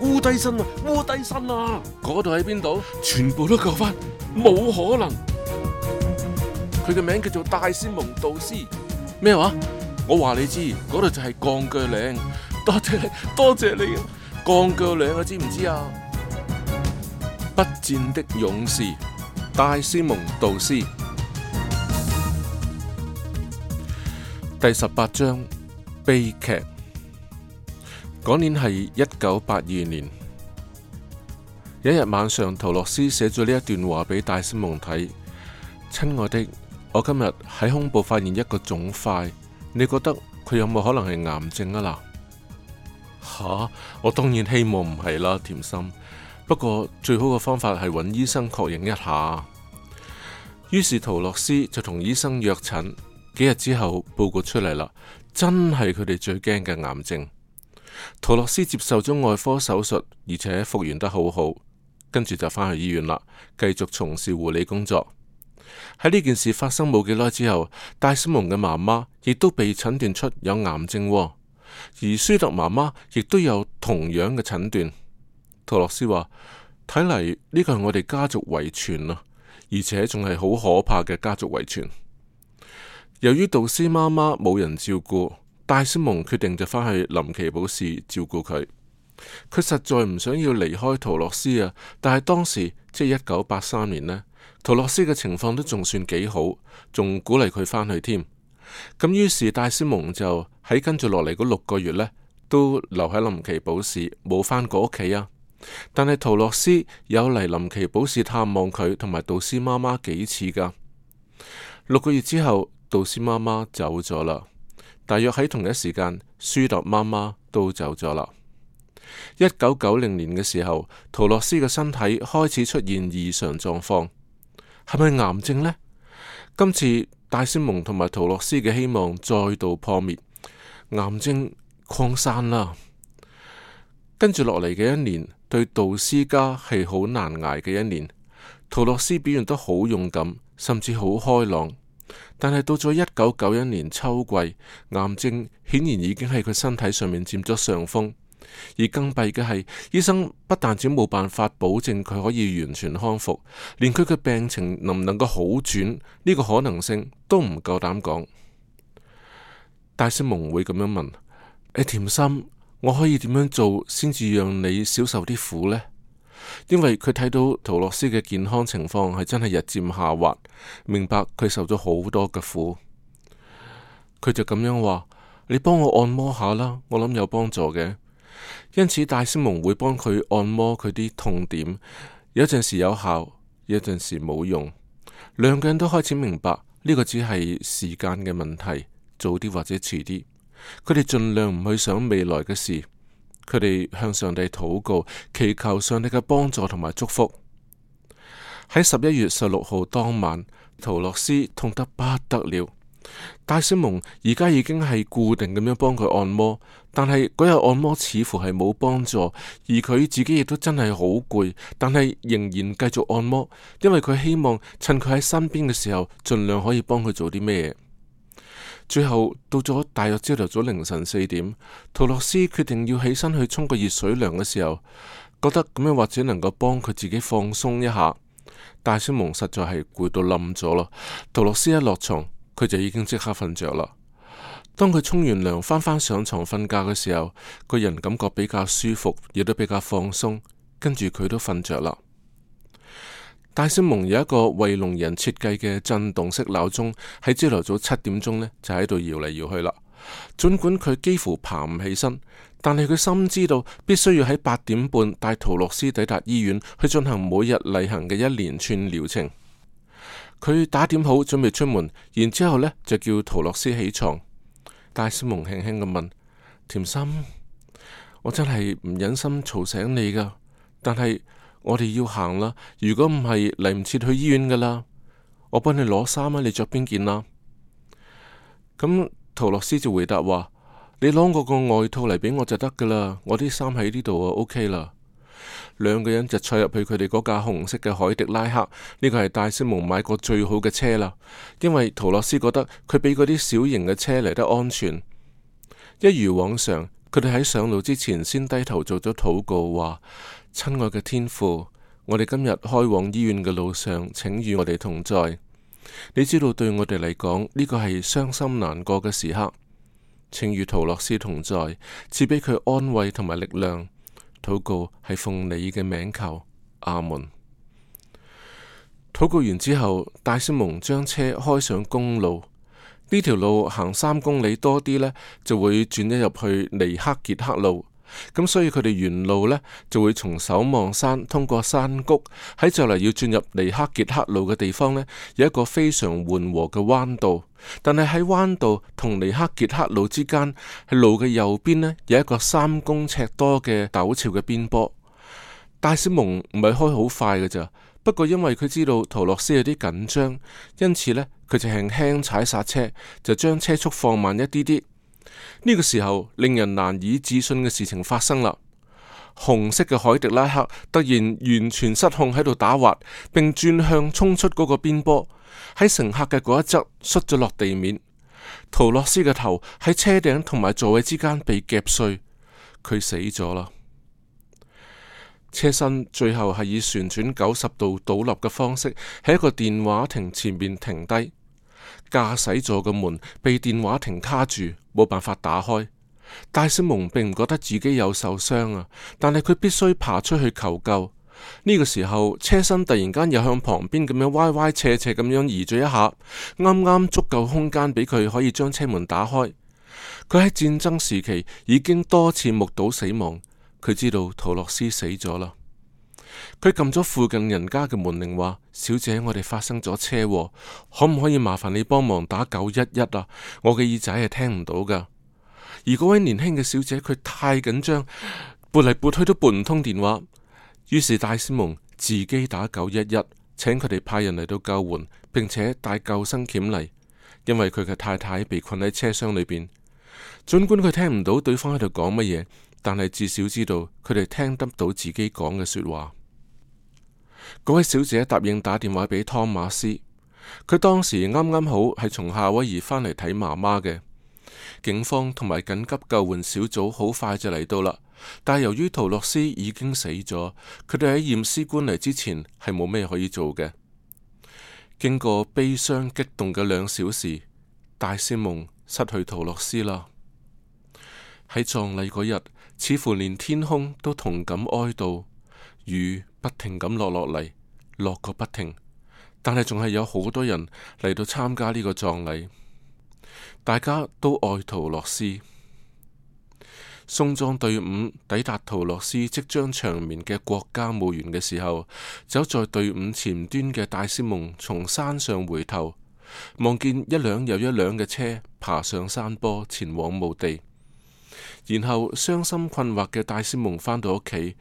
烏低身啊，烏低身啊！嗰度喺邊度？全部都救翻，冇可能。佢嘅名叫做戴斯蒙杜斯，咩話麼？我話你知，嗰度就係鋼鋸嶺。多謝你，多謝你，啊，鋼鋸嶺啊，知唔知啊？不戰的勇士，戴斯蒙杜斯，第十八章悲劇。嗰年係一九八二年，有一日晚上，陶洛斯寫咗呢一段話俾戴斯蒙睇。親愛的，我今日喺胸部發現一個腫塊，你覺得佢有冇可能係癌症啊？啦吓，我當然希望唔係啦，甜心。不過最好嘅方法係揾醫生確認一下。於是陶洛斯就同醫生約診，幾日之後報告出嚟啦，真係佢哋最驚嘅癌症。陶洛斯接受咗外科手術，而且復原得好好，跟住就返去醫院啦，繼續從事護理工作。喺呢件事發生冇幾耐之後，戴斯蒙嘅媽媽亦都被診斷出有癌症，而舒特媽媽亦都有同樣嘅診斷。陶洛斯話：「睇嚟呢個係我哋家族遺傳啊，而且仲係好可怕嘅家族遺傳。由於導師媽媽冇人照顧。戴斯蒙決定就返去林奇堡市照顧佢，佢實在唔想要離開陶洛斯啊！但係當時即係一九八三年呢，陶洛斯嘅情況都仲算幾好，仲鼓勵佢返去添。咁於是戴斯蒙就喺跟住落嚟嗰六個月呢，都留喺林奇堡市，冇返過屋企啊！但係陶洛斯有嚟林奇堡市探望佢同埋杜斯媽媽幾次噶。六個月之後，杜斯媽媽走咗啦。大約喺同一時間，舒達媽媽都走咗啦。一九九零年嘅時候，陶洛斯嘅身體開始出現異常狀況，係咪癌症呢？今次戴斯蒙同埋陶洛斯嘅希望再度破滅，癌症擴散啦。跟住落嚟嘅一年，對杜斯家係好難挨嘅一年。陶洛斯表現得好勇敢，甚至好開朗。但係到咗一九九一年秋季，癌症顯然已經喺佢身體上面佔咗上風，而更弊嘅係，醫生不但止冇辦法保證佢可以完全康復，連佢嘅病情能唔能夠好轉呢、這個可能性都唔夠膽講。戴斯蒙會咁樣問：你、哎、甜心，我可以點樣做先至讓你少受啲苦呢？因為佢睇到陶洛斯嘅健康情況係真係日漸下滑，明白佢受咗好多嘅苦，佢就咁樣話：你幫我按摩下啦，我諗有幫助嘅。因此，戴斯蒙會幫佢按摩佢啲痛點，有陣時有效，有陣時冇用。兩個人都開始明白呢個只係時間嘅問題，早啲或者遲啲。佢哋盡量唔去想未來嘅事。佢哋向上帝禱告，祈求上帝嘅幫助同埋祝福。喺十一月十六號當晚，陶洛斯痛得不得了。戴斯蒙而家已經係固定咁樣幫佢按摩，但係嗰日按摩似乎係冇幫助，而佢自己亦都真係好攰，但係仍然繼續按摩，因為佢希望趁佢喺身邊嘅時候，盡量可以幫佢做啲咩。最後到咗大約朝頭早凌晨四點，陶洛斯決定要起身去沖個熱水涼嘅時候，覺得咁樣或者能夠幫佢自己放鬆一下。戴斯蒙實在係攰到冧咗咯。陶洛斯一落床，佢就已經即刻瞓着啦。當佢沖完涼，翻返上床瞓覺嘅時候，個人感覺比較舒服，亦都比較放鬆，跟住佢都瞓着啦。戴斯蒙有一個為聾人設計嘅震動式鬧鐘，喺朝頭早七點鐘呢就喺度搖嚟搖去啦。儘管佢幾乎爬唔起身，但係佢心知道必須要喺八點半帶陶洛斯抵達醫院去進行每日例行嘅一連串療程。佢打點好準備出門，然之後呢就叫陶洛斯起床。戴斯蒙輕輕咁問：甜心，我真係唔忍心吵醒你噶，但係。我哋要行啦，如果唔係嚟唔切去醫院噶啦。我幫你攞衫啊，你着邊件啦、啊？咁、嗯、陶洛斯就回答話：你攞我個外套嚟俾我就得噶啦，我啲衫喺呢度啊。OK 啦。兩個人就坐入去佢哋嗰架紅色嘅凱迪拉克，呢、這個係戴斯蒙買過最好嘅車啦。因為陶洛斯覺得佢比嗰啲小型嘅車嚟得安全。一如往常，佢哋喺上路之前先低頭做咗禱告話。親愛嘅天父，我哋今日開往醫院嘅路上，請與我哋同在。你知道對我哋嚟講呢個係傷心難過嘅時刻，請與陶洛斯同在，賜俾佢安慰同埋力量。禱告係奉你嘅名求，阿門。禱告完之後，戴斯蒙將車開上公路，呢條路行三公里多啲咧，就會轉咗入去尼克杰克路。咁所以佢哋沿路呢，就會從守望山通過山谷，喺就嚟要轉入尼克傑克路嘅地方呢，有一個非常緩和嘅彎道，但係喺彎道同尼克傑克路之間喺路嘅右邊呢，有一個三公尺多嘅陡峭嘅邊坡。戴斯蒙唔係開好快㗎咋，不過因為佢知道陶洛斯有啲緊張，因此呢，佢就輕輕踩剎車，就將車速放慢一啲啲。呢個時候，令人難以置信嘅事情發生啦！紅色嘅凱迪拉克突然完全失控喺度打滑，並轉向衝出嗰個邊坡。喺乘客嘅嗰一側摔咗落地面。陶洛斯嘅頭喺車頂同埋座位之間被夾碎，佢死咗啦。車身最後係以旋轉九十度倒立嘅方式喺一個電話亭前面停低。駕駛座嘅門被電話亭卡住，冇辦法打開。戴斯蒙並唔覺得自己有受傷啊，但係佢必須爬出去求救。呢、這個時候，車身突然間又向旁邊咁樣歪歪斜斜咁樣移咗一下，啱啱足夠空間俾佢可以將車門打開。佢喺戰爭時期已經多次目睹死亡，佢知道陶洛斯死咗啦。佢撳咗附近人家嘅門鈴，話，小姐，我哋發生咗車禍，可唔可以麻煩你幫忙打九一一啊？我嘅耳仔係聽唔到噶。而嗰位年輕嘅小姐，佢太緊張，撥嚟撥去都撥唔通電話。於是戴斯蒙自己打九一一，請佢哋派人嚟到救援，並且帶救生鉗嚟，因為佢嘅太太被困喺車廂裏邊。盡管佢聽唔到對方喺度講乜嘢，但係至少知道佢哋聽得到自己講嘅說話。嗰位小姐答應打電話俾湯馬斯，佢當時啱啱好係從夏威夷返嚟睇媽媽嘅。警方同埋緊急救援小組好快就嚟到啦，但由於陶洛斯已經死咗，佢哋喺驗屍官嚟之前係冇咩可以做嘅。經過悲傷激動嘅兩小時，戴斯蒙失去陶洛斯啦。喺葬禮嗰日，似乎連天空都同感哀悼。雨不停咁落落嚟，落個不停，但係仲係有好多人嚟到參加呢個葬禮，大家都哀悼陶樂斯。送葬隊伍抵達陶樂斯即將長眠嘅國家墓園嘅時候，走在隊伍前端嘅戴斯蒙從山上回頭望見一輛又一輛嘅車爬上山坡前往墓地，然後傷心困惑嘅戴斯蒙返到屋企。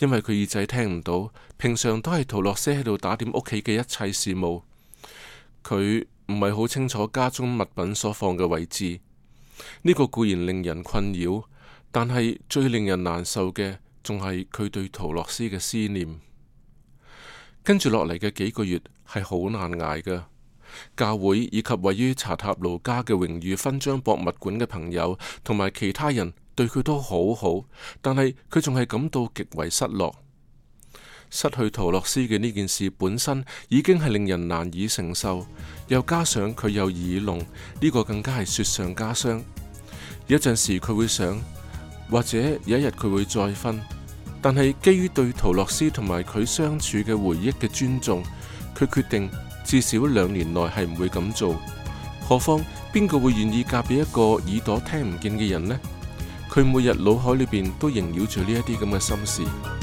因為佢耳仔聽唔到，平常都係陶洛斯喺度打點屋企嘅一切事務，佢唔係好清楚家中物品所放嘅位置。呢、這個固然令人困擾，但係最令人難受嘅仲係佢對陶洛斯嘅思念。跟住落嚟嘅幾個月係好難挨噶。教會以及位於查塔努加嘅榮譽勳章博物館嘅朋友同埋其他人，對佢都好好，但係佢仲係感到極為失落，失去陶洛斯嘅呢件事本身已經係令人難以承受，又加上佢又耳聾，呢、這個更加係雪上加霜。有陣時佢會想，或者有一日佢會再婚，但係基於對陶洛斯同埋佢相處嘅回憶嘅尊重，佢決定至少兩年內係唔會咁做。何況邊個會願意嫁俾一個耳朵聽唔見嘅人呢？佢每日腦海裏邊都縈繞住呢一啲咁嘅心事。